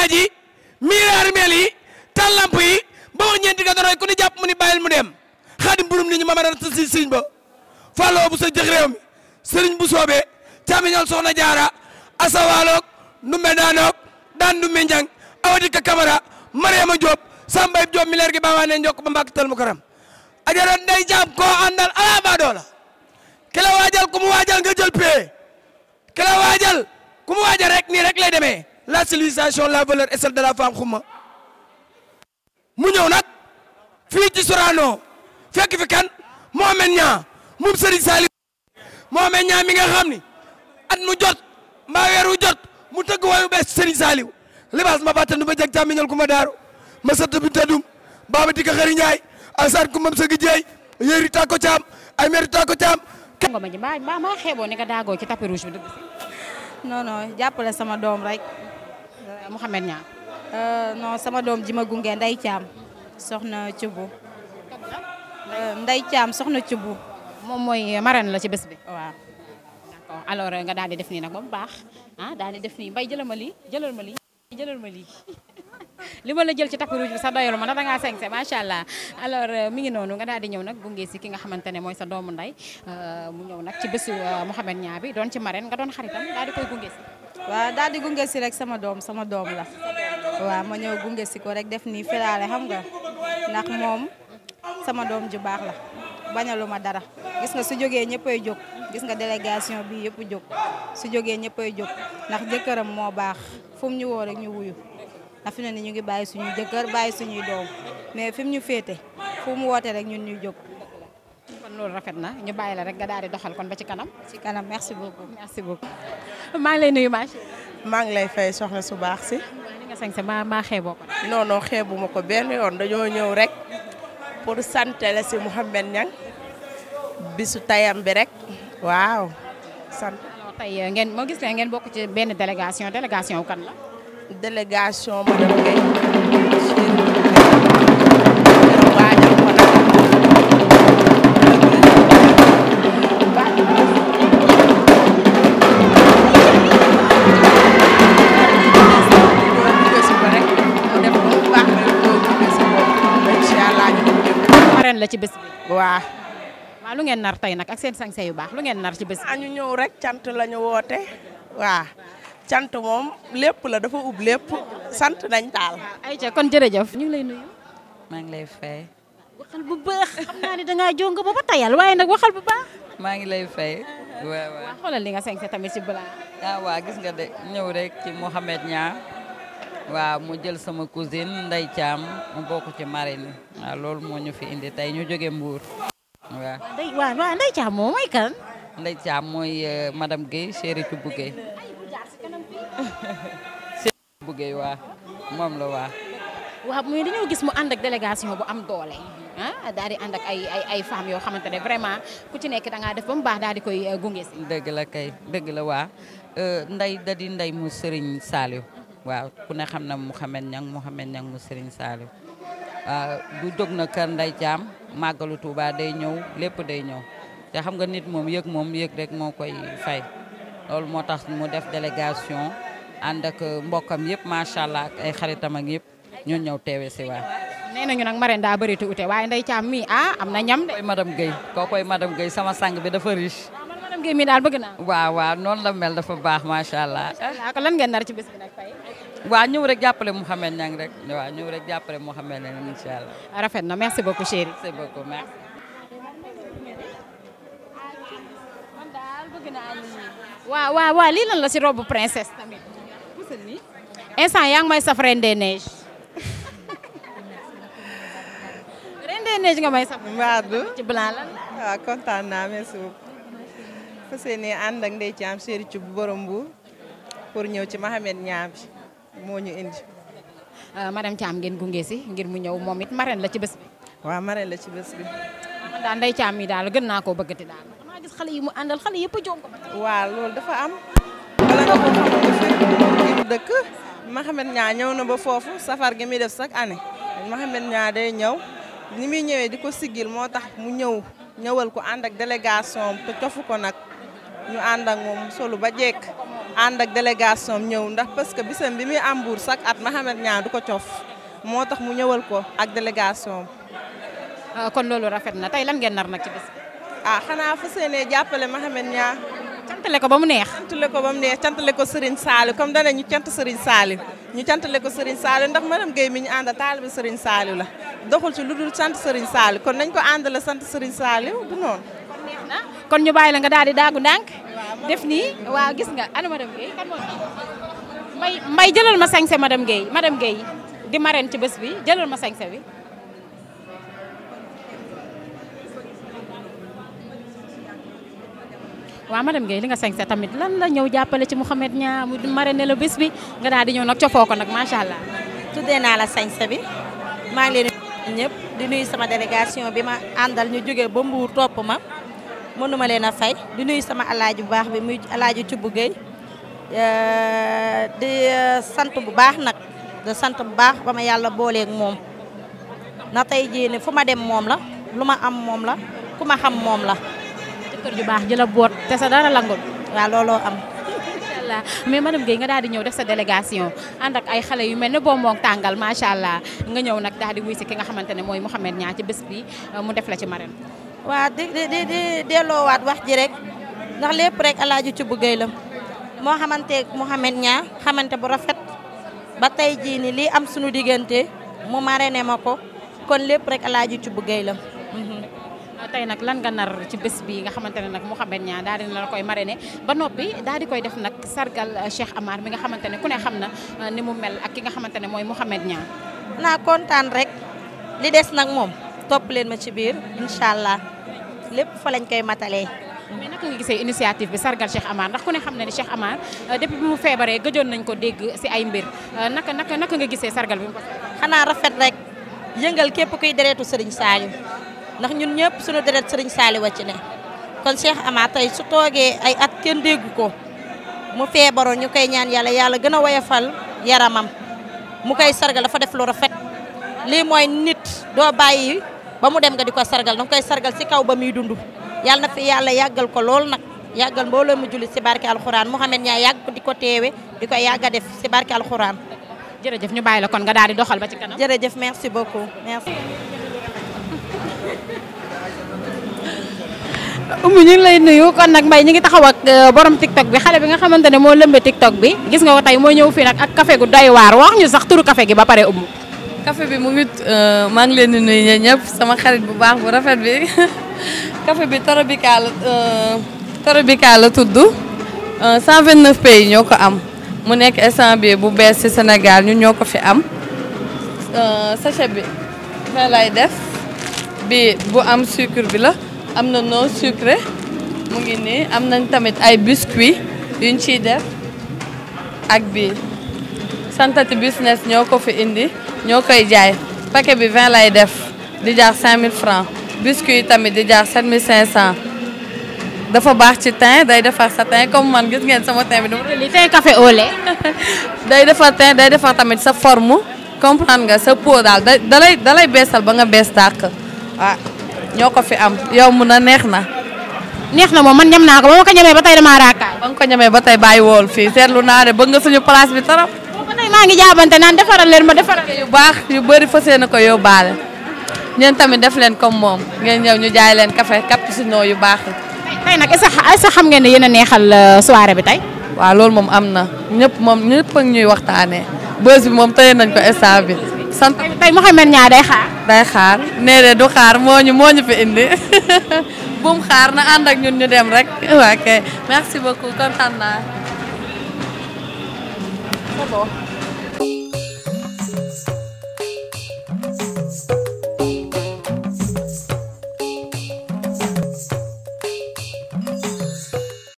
jumaa ji miir armeel yi tal lamp yi ba wax ñeenti nga doon ku ni jàpp mu ni bàyyil mu dem xaadim burum nit ñi ma mën a si sëriñ ba fàlloo bu sa jëx réew mi sëriñ bu soobee càmmiñoon soxna jaara asawaaloog ndumbe daanoog daan ndumbe njang awadika kamara mariama diop sambay diop mi leer gi baawaa ne njokk ba mbàkk tal mu karam ajaroon day jaam koo àndal ala baadoola ki la waajal la waajal ku mu waajal rek nii rek lay demee la civilisation la valeur et celle de la femme xuma mu ñëw nag fii ci Sorano fekk fi kan Mohamed Niang moom Serigne Saliou Mohamed Niang mi nga xam ni at mu jot mbaa weer wu jot mu tëgg wayu bees Serigne Saliou libaas ma fàttali ba jag càmmiñal ku ma daaru ma sëtt bi tëddum baaba di ko xëri ñaay asar ku mam sëgg jeey yéeri tàkko caam ay meeri tàkko caam nga ma mbaa mbaa maa xeeboon ni nga daagoo ci tapis rouge bi dëgg si non non jàppale sama doom rek Euh, Mouhamed ñaa euh, non sama doom ji ma gunge Ndeye Thiam soxna Thiabu. Euh, Ndeye Thiam soxna Thiabu. moom mooy marraine la ci bés bi. waa d'accord alors nga daal di def nii nag ba mu baax ah daal di def nii mbay jëlal ma lii jëlal ma lii jëlal ma lii. li ma la jël ci takku ruuj bi sax doyul ma na da ngaa sengse macha allah alors mi ngi noonu nga daal di ñëw nag gunge si ki nga xamante ne mooy sa doomu nday mu ñëw nag ci bésu Mouhamed ñaa bi doon ci marraine nga doon xaritam daal di koy gunge waaw daal di gunge si rek sama doom sama doom la waaw ma ñëw gunge si ko rek def nii felaale xam nga ndax moom sama doom ju baax la bañalu ma dara gis nga su jógee ñëppay jóg gis nga délégation bi yëpp jóg su jógee ñëppay jóg ndax jëkkëram moo baax fu mu ñu woo rek ñu wuyu ndax ne ni ñu ngi bàyyi suñu jëkkër bàyyi suñuy doom mais fi mu ñu féete fu mu woote rek ñun ñuy jóg loolu rafet na ñu bàyyi la rek nga daal di doxal kon ba ci kanam. ci kanam merci beaucoup merci beaucoup. maa ngi lay nuyu ma maa ngi lay fay soxna su baax si. ni nga sañ sa maa maa xeeboo ko. non non xeebu ma ko benn yoon dañoo ñëw rek pour sant la si Mouhamed Niang bisu tayam bi rek waaw sant. tey euh, ngeen moo gis ne ngeen bokk ci benn délégation délégation kan la. délégation madame Guèye ren la ci bés lu ngeen nar tey nag ak seen sañse yu baax lu ngeen nar ci bés bi. Ah, ñu ñëw rek cant la ñu woote. waaw cant moom lépp la dafa ub lépp sant nañ taal. ayca kon jërëjëf. ñu ngi lay nuyu. maa ngi lay fay. waxal bu baax xam naa ne dangaa jong ba ba tayal waaye li nga sañse tamit si balaa. ah waa gis nga de ñëw rek ci Mouhamed waaw mu jël sama cousine Ndey Thiam mu bokk ci marine waaw loolu moo ñu fi indi tey ñu jóge mbuur waaw. waaw Ndey Thiam moom mooy kan. Ndey Thiam mooy euh, madame Guèye chérie ci Bouguèye chérie ci moom la waaw. waaw dañoo gis mu ànd ak délégation bu am doole ah ànd ak ay ay ay femmes yoo xamante ne vraiment ku ci nekk da ngaa def ba mu baax daal di koy euh, gunge si. dëgg la kay dëgg la waa euh, Ndey da di Ndey mu Serigne Saliou. waaw ku xam na Mouhamed Niang Mouhamed Niang mu Serigne Saliou ah, du jóg na kër nday jaam màggalu Touba day ñëw lépp day ñëw te xam nga nit moom yëg moom yëg rek moo koy fay loolu moo tax mu def délégation ànd ak mbokkam yëpp macha allah ay xaritam ak yëpp ñun ñëw teewe si waay. nee nañu nag marraine daa bëri te ute waaye nday caam mii ah am na ñam de. koy madame Guèye koo koy madame Guèye sama sang bi dafa riche. waaw ah, mi daal bëgg naa. waaw waaw la mel dafa baax macha allah. lan ngeen nar ci bés fay. waa ñëw rek jàppale Mouhamed Niang rek waaw ñëw rek jàppale Mouhamed Niang incha allah. rafet na merci beaucoup chérie. merci beaucoup merci. la si robe princesse instant yaa ngi may saf reine des neiges. reine des neiges nga may saf. Mbadou ci blanc lan la. waaw ah, kontaan naa merci beaucoup. fas yéene ànd ak ndey ci chéri ci borom bu pour ñëw ci Mouhamed Niang moo ñu indi. Euh, madame caam ngeen gunge si ngir mu ñëw moom it marraine la ci bés bi. waaw marraine la ci bés bi. man daal Ndeye Thiam mi daal gën naa koo bëggati daal. maa gis xale yi mu àndal xale yëpp a joom ko. waaw loolu dafa am. dëkk. Mouhamed Niang ñëw na ba foofu safar gi muy def chaque année. Mouhamed ñaa day ñëw. ni muy ñëwee di ko siggil moo tax mu ñëw. ñëwal ko ànd ak délégation cofu ko nag. ñu ànd ak moom solu ba jekk. ànd ak délégation ñëw ndax parce que bisam bi muy ambour chaque at Mouhamed ñaa du ko coof moo tax mu ñëwal ko ak délégation ah, kon loolu rafet na tey lan ngeen nar nag ci bis ah xanaa fas yéene jàppale Mouhamed Niang cantale ko ba mu neex cantale ko ba mu neex ko Serigne Saliou comme dana ñu cant Serigne saali ñu cantale ko Serigne Saliou ndax madame Guèye mi ñu àndal taalibe Serigne Saliou la doxul ci lu dul sant Serigne saali kon nañ ko àndale sant Serigne saali du noonu kon ñu bàyyi def nii waaw gis nga ana madame Guèye kan moo mbay mbay jëlal ma sañse madame Guèye madame Guèye di marraine ci bés bi jëlal ma sañse bi waaw madame Guèye li nga sañse tamit lan la ñëw jàppale ci Mouhamed Niang mu marraine la bés bi nga daal di ñëw nag cofoo ko nag macha allah. tuddee naa la sañse bi maa leen ñëpp di nuyu sama délégation bi ma àndal ñu jóge ba Mbuur topp ma. mënuma leen a say di nuyu sama alaaji bu baax bi muy alaaji ci bu Gueye euh, di euh, sant bu baax nag di sant bu baax ba ma yàlla booleek moom na tey jii ne fu ma dem moom la lu ma am moom la ku ma xam moom la. jëkkër ju baax jëla boot te sa dara langul. waaw looloo am. waaw mais madame Guèye nga daal di ñëw def sa délégation ànd ak ay xale yu mel ni ne bonbon tàngal macha allah nga ñëw nag daal di wuy si ki nga xamante ne mooy Mouhamed ñaa ci bés bi euh, mu def la ci marraine. waa di di di delloowaat wax ji rek ndax lépp rek alaaju ci buggay la moo xamanteeg Mouhamed ñaa xamante bu rafet ba tey jii ni lii am suñu diggante mu marraine ma ko kon lépp rek alaaju ci buggay la mhm. ah, tey nag lan nga nar ci bés bi nga xamante ne nag Mouhamed Niang daal dina la koy ne ba noppi daal di koy def nag sargal euh, Cheikh Amar mi nga xamante ne ku ne xam na euh, ni mu mel ak ki nga xamante ne mooy Mouhamed Niang. naa kontaan rek li des nag moom top leen ma ci biir incha allah. lépp fa lañ koy matalee. mais naka nga gisee initiative bi sargal Cheikh Amar ndax ku ne xam na ne Cheikh Amar euh, depuis bi mu feebaree gëjoon nañ ko dégg si ay mbir euh, naka naka naka nga gisee sargal bi ko. xanaa rafet rek yëngal képp kuy deretu Serigne Saliou ndax ñun ñëpp suñu deret Serigne Saliou wàcc ne kon Cheikh Amar tey su toogee ay at kenn dégg ko mu feebaroo ñu koy ñaan yàlla yàlla gën a woyofal yaramam mu koy sargal dafa def lu rafet lii mooy nit doo bàyyi ba mu dem nga di ko sargal danga koy sargal si kaw ba muy dund yàlla na fi yàlla yàggal ko lool nag yàggal mbooloo mu jullit si barke alxuraan Mouhamed Niang yàgg ko di ko teewe di ko yàgg def si barke alxuraan. jërëjëf ñu bàyyi la kon nga daal di doxal ba ci kanam. jërëjëf merci beaucoup merci. umu ñu ngi lay nuyu kon nag mbay ñu ngi taxaw ak euh, borom tiktok bi xale bi nga xamante ne moo lëmbe tiktok bi gis nga ko tey moo ñëw fii nag ak café gu doy waar wax ñu sax turu café gi ba pare umu café bi mu ngi euh, maa ngi leen di nuyu ñëpp sama xarit bu baax bu rafet bi kafe bi Torobika la euh, Torobika la tudd 129 euh, pays ñoo ko am mu nekk instant bi bu bees ci Sénégal ñu ñoo ko fi am sachet bi fee lay def bi bu am sucre bi la am na non sucré mu ngi nii am nañ tamit ay biscuit yuñ ciy def ak bi santati business ñoo ko fi indi ñoo koy jaay paquet bi 20 lay def di jaar 5000 francs biscuit yi tamit di jaar 7500 dafa baax ci teint day defar sa teint comme man gis ngeen sama teint bi. li tey au lait day defar teint day defar tamit sa forme comprendre nga sa peau daal da dalay dalay beesal ba nga bees tàkk waaw ah, ñoo ko fi am yow mun a neex na. neex na moom man ñam naa ko ba ma ko ñamee ba tey damaa raakaay. ba nga ko ñamee ba tey bàyyi wool fii seetlu naa ne bëgg nga suñu place bi trop. yaa ngi jaabante naan defaral leen ma defaral yu baax yu bëri fas yéene ko yóbbaale ñeen tamit def leen comme moom ngeen ñëw ñu jaay leen café cappuccino yu baax yi. tey nag est xam ngeen ne yéen neexal euh, soirée bi tey. waaw loolu moom am na ñëpp moom ñëpp ak ñuy moom tëye nañ ko instant bi. sant tey Mouhamed Niang day xaar. day xaar nee de du xaar moo ñu moo ñu fi indi bum xaar na ànd ak ñun ñu dem rek ok merci beaucoup kontaan naa.